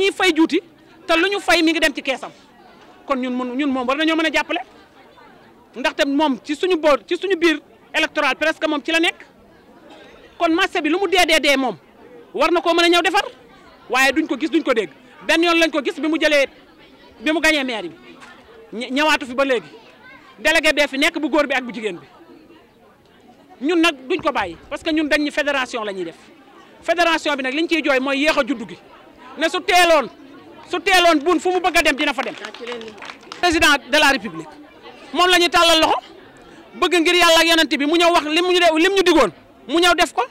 dañuy fay juuti ta lu ñu fay mi ngi dem ci keesam kon ñun mun ñun moom war ñoo mën a jàppale ndaxte moom ci suñu boor ci suñu biir électoral presque moom ci la nekk kon marché bi lu mu dee moom war na koo mën a ñëw defar waaye duñ ko gis duñ ko dégg benn yoon lañ ko gis bi mu jëlee bi mu gañee maire bi ñëwaatu fi ba léegi délégué bee fi nekk bu góor bi ak bu jigéen bi ñun nag duñ ko bàyyi parce que ñun dañ ñu fédération la ñuy def fédération bi nag liñ ciy jooy mooy yéex a juddu gi ne su teeloon su teeloon bun fu mu bëgg a dem dina fa dem. président de la république moom la ñuy tàllal loxo bëgg ngir yàlla ak yonent bi mu ñëw wax lim ñu lim ñu digoon mu ñëw def ko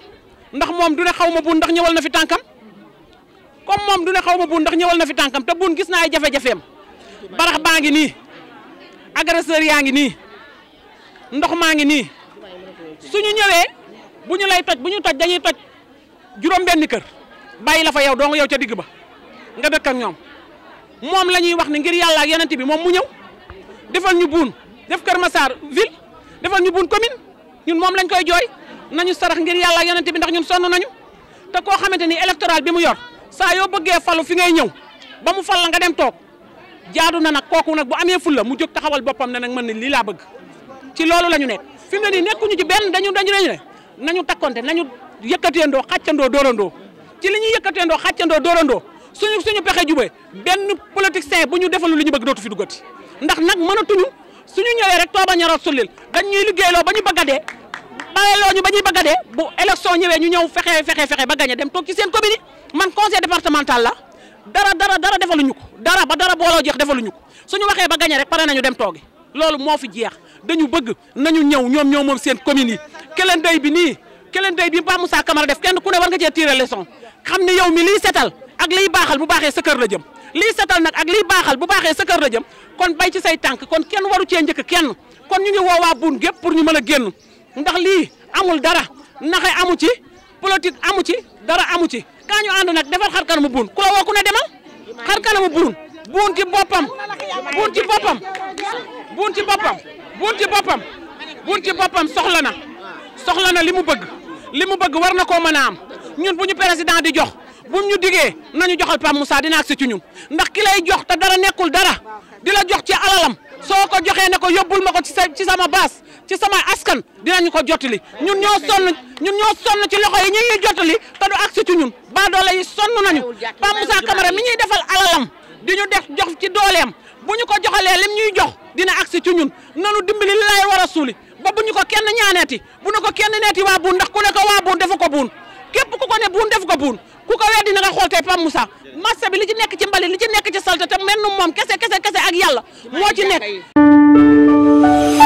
ndax moom du ne xaw ma bun ndax ñëwal na fi tànkam comme moom du xaw ma bun ndax ñëwal na fi tànkam te bun gis naa ay jafe-jafeem barax baa ngi nii agresseur yaa ngi nii ndox maa ngi nii su ñu ñëwee bu ñu lay toj bu ñu toj dañuy toj juróom benn kër bàyyi la fa yow dong yow ca digg ba nga dëkk ak ñoom moom la ñuy wax ne ngir yàlla ak yonent bi moom mu ñëw defal ñu buun def Kër Massar ville defal ñu buun commune ñun moom lañ koy jooy nañu sarax ngir yàlla ak yonent bi ndax ñun sonn nañu te koo xamante ni électoral bi mu yor saa yoo bëggee falu fi ngay ñëw ba mu fal la nga dem toog jaadu na nag kooku nag bu amee fulla mu jóg taxawal boppam ne nag mën nañ lii laa bëgg ci loolu la ñu nekk fi mu ne nii nekkuñu ci benn dañu dañu dañu ne nañu takkonte nañu yëkkateendoo xàccandoo dóorandoo ci li ñuy yëkkateendoo xàccandoo dóorandoo suñu suñu pexe jubee benn politicien bu ñu defalu li ñu bëgg dootu fi duggati ndax nag mënatuñu suñu ñëwee rek tooba ñara sullil dañ ñuy liggéeyloo ba ñu bëgg a dee bàyyiloo ñu ba ñuy bëgg a dee bu élection ñëwee ñu ñëw fexe fexe fexe ba gañe dem toog ci seen commune man conseil départemental la dara dara dara defaluñu ko dara ba dara booloo jeex defalu defaluñu ko ñu waxee ba gañe rek pare nañu dem toogi loolu moo fi jeex dañu bëgg nañu ñëw ñoom ñoom moom seen commune yi keleen day bi nii keleen day bi Pape Moussa Camara def kenn ku ne war nga cee tiré leçon xam ne yow mi lii setal ak liy baaxal bu baaxee sa kër la jëm liy setal nag ak liy baaxal bu baaxee sa kër la jëm kon bay ci say tànk kon kenn waru cee njëkk kenn kon ñu ngi woowaa buun gépp pour ñu mën a génn ndax lii amul dara naxe amu ci politique amu ci dara amu ci kaa ñu nag defar xar kanamu buun ku la woo ku ne demal xar kanamu buun buun ci boppam buun ci boppam buun ci boppam buun ci boppam buun ci soxla na soxla na li mu bëgg li mu bëgg war na koo mën a am ñun bu ñu président di jox bu ñu digee nañu joxal Pape Moussa dina agsi ci ñun ndax ki lay jox te dara nekkul dara di la jox ci alalam soo ko joxee ne ko yóbbul ma ko ci sa ci sama baas ci sama askan ñu ko jottali ñun ñoo sonn ñun ñoo sonn ci loxo yi ñu ñuy jottali te du agsi ci ñun baadoole yi sonn nañu Pape Moussa Camara mi ñuy defal alalam di ñu def jox ci dooleem bu ñu ko joxalee lim ñuy jox dina agsi ci ñun nanu dimbali li lay war a suuli ba bu ñu ko kenn ñaaneeti bu ñu ko kenn neeti waa buun ndax ne ko ko buun képp ko ne buun defu ku ko weddi na nga xool tey Pape Moussa marché bi li ci nekk ci mbali li ci nekk ci salte te mel moom kese kese kese ak yàlla moo ci nekk